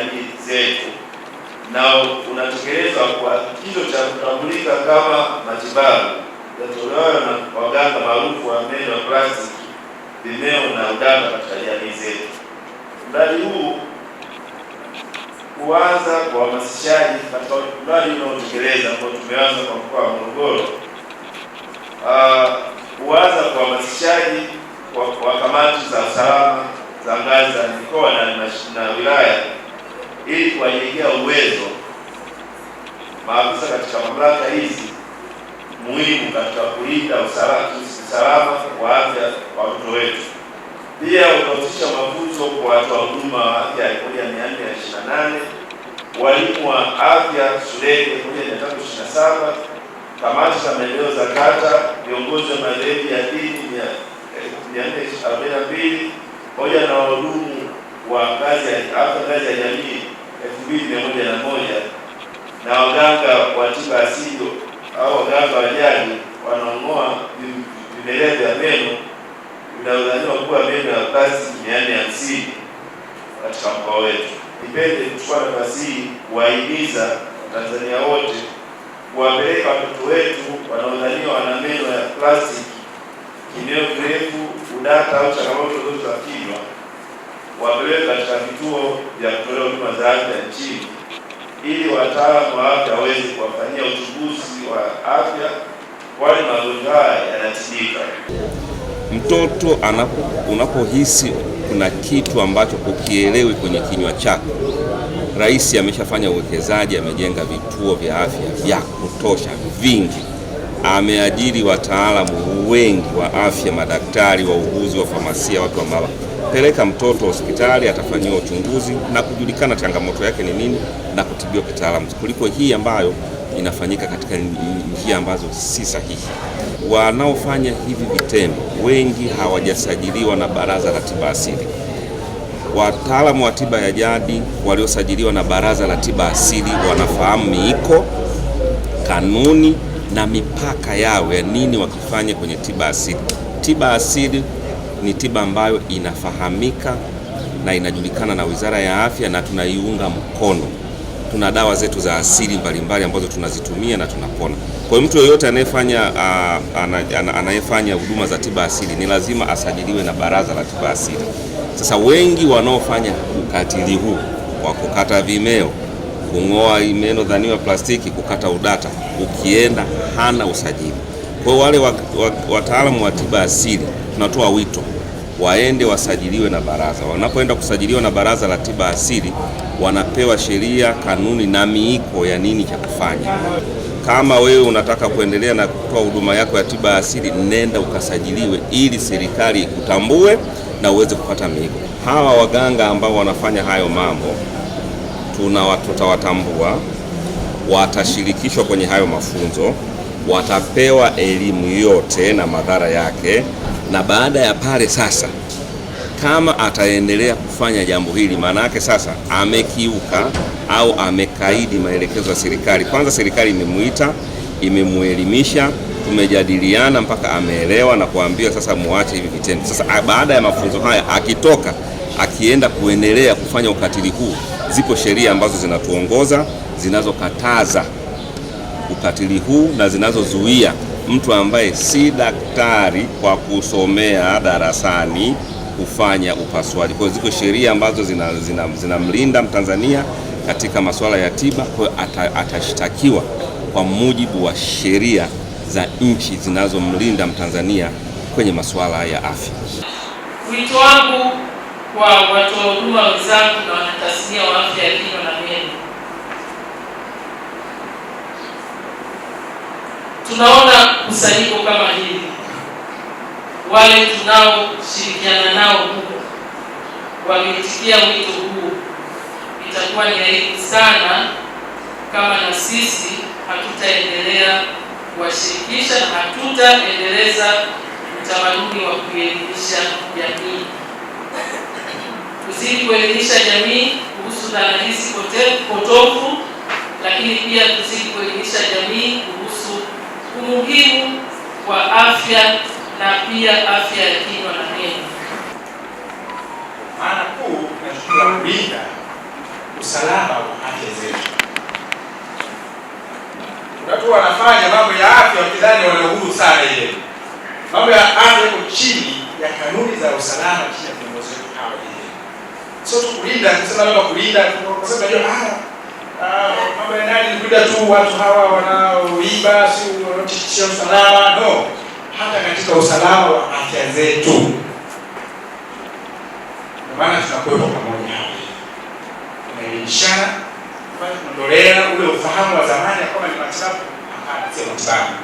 jamii zetu, na unatekelezwa kwa kicho cha kutambulika kama matibabu yatolewayo na waganga maarufu wa meno ya plastiki, vimeo na uganga katika jamii zetu. Mradi huu kuanza kwa uhamasishaji katika mradi unaotekeleza ambao tumeanza kwa mkoa wa Morogoro, kuanza ah, kwa uhamasishaji kwa kamati za usalama za ngazi za mikoa na wilaya ili kuwajengea uwezo maafisa katika mamlaka hizi muhimu katika kulinda usalama wa afya wa watoto wetu. Pia utahusisha mafunzo kwa watoa huduma wa afya elfu moja mia nne na ishirini na nane walimu wa afya shuleni elfu moja mia tatu ishirini na saba kamati za maendeleo za kata, viongozi wa madhehebu ya dini mia nne arobaini na mbili pamoja na wahudumu wa ngazi ya afya ngazi ya jamii elfu mbili mia moja na moja na waganga wa tiba asili au waganga wa jadi wanaong'oa vimelea vya meno vinavyodhaniwa kuwa meno ya plastiki mia nne hamsini katika mkoa wetu. Nipende kuchukua nafasi hii kuwahimiza Watanzania wote kuwapeleka watoto wetu wanaodhaniwa wana meno ya plastiki, kimeo kirefu, udata au changamoto zote za kinywa wapeleke katika vituo vya kutolea huduma za afya nchini ili wataalamu wa afya waweze kuwafanyia uchunguzi wa afya, kwani magonjwa haya yanatibika. Mtoto anapo unapohisi kuna kitu ambacho hukielewi kwenye kinywa chake, Rais ameshafanya uwekezaji, amejenga vituo vya afya vya kutosha vingi, ameajiri wataalamu wengi wa afya, madaktari, wauguzi, wa famasia, watu wa peleka mtoto hospitali, atafanyiwa uchunguzi na kujulikana changamoto yake ni nini na kutibiwa kitaalamu, kuliko hii ambayo inafanyika katika njia ambazo si sahihi. Wanaofanya hivi vitendo wengi hawajasajiliwa na Baraza la Tiba Asili. Wataalamu wa tiba ya jadi waliosajiliwa na Baraza la Tiba Asili wanafahamu miiko, kanuni na mipaka yao ya nini wakifanya kwenye tiba asili. Tiba asili ni tiba ambayo inafahamika na inajulikana na Wizara ya Afya na tunaiunga mkono. Tuna dawa zetu za asili mbalimbali ambazo tunazitumia na tunapona. Kwa hiyo mtu yeyote anayefanya anayefanya huduma za tiba asili ni lazima asajiliwe na Baraza la Tiba Asili. Sasa wengi wanaofanya ukatili huu wa kukata vimeo, kung'oa meno dhaniwa plastiki, kukata udata, ukienda hana usajili. Kwa wale wataalamu wa tiba asili tunatoa wito waende wasajiliwe na baraza. Wanapoenda kusajiliwa na baraza la tiba asili, wanapewa sheria, kanuni na miiko ya nini cha kufanya. Kama wewe unataka kuendelea na kutoa huduma yako ya tiba asili, nenda ukasajiliwe, ili serikali ikutambue na uweze kupata miiko. Hawa waganga ambao wanafanya hayo mambo tuna tutawatambua, watashirikishwa kwenye hayo mafunzo watapewa elimu yote na madhara yake, na baada ya pale sasa, kama ataendelea kufanya jambo hili, maana yake sasa amekiuka au amekaidi maelekezo ya serikali. Kwanza serikali imemuita, imemuelimisha, tumejadiliana mpaka ameelewa na kuambiwa sasa muache hivi vitendo. Sasa baada ya mafunzo haya akitoka akienda kuendelea kufanya ukatili huu, zipo sheria ambazo zinatuongoza zinazokataza ukatili huu na zinazozuia mtu ambaye si daktari kwa kusomea darasani kufanya upasuaji. Kwa hiyo ziko sheria ambazo zinamlinda zina, zina Mtanzania katika masuala ya tiba. Kwa hiyo ata, atashtakiwa kwa mujibu wa sheria za nchi zinazomlinda Mtanzania kwenye masuala ya afya. Wito wangu kwa watoa huduma wenzangu na wanatasnia wa afya ya kinywa na meno tunaona kusanyiko kama hili, wale tunaoshirikiana nao huko wameitikia mwito huu, itakuwa ni aibu sana kama na sisi hatutaendelea kuwashirikisha na hatutaendeleza utamaduni wa kuelimisha jamii. Tuzidi kuelimisha jamii kuhusu dhana hizi potofu, lakini pia tuzidi kuelimisha jamii umuhimu wa afya na pia afya ya kinywa na meno. Maana kuu inashughulika kulinda usalama wa afya zetu. Watu wanafanya mambo ya afya wakidhani wana uhuru sana, ile mambo ya afya yako chini ya kanuni za usalama, chini ya viongozi wetu hawa. Ile sio tu kulinda, kusema labda kulinda, kusema najua ah, ah, mambo ya ndani, ni kulinda tu watu hawa wanaoiba, sio kutishia usalama, no, hata katika usalama wa afya zetu. Ndio maana tunakuwepo pamoja hapa, tunaelimishana, tunaondolea ule ufahamu wa zamani ya kwamba ni matibabu. Hapana, sio matibabu.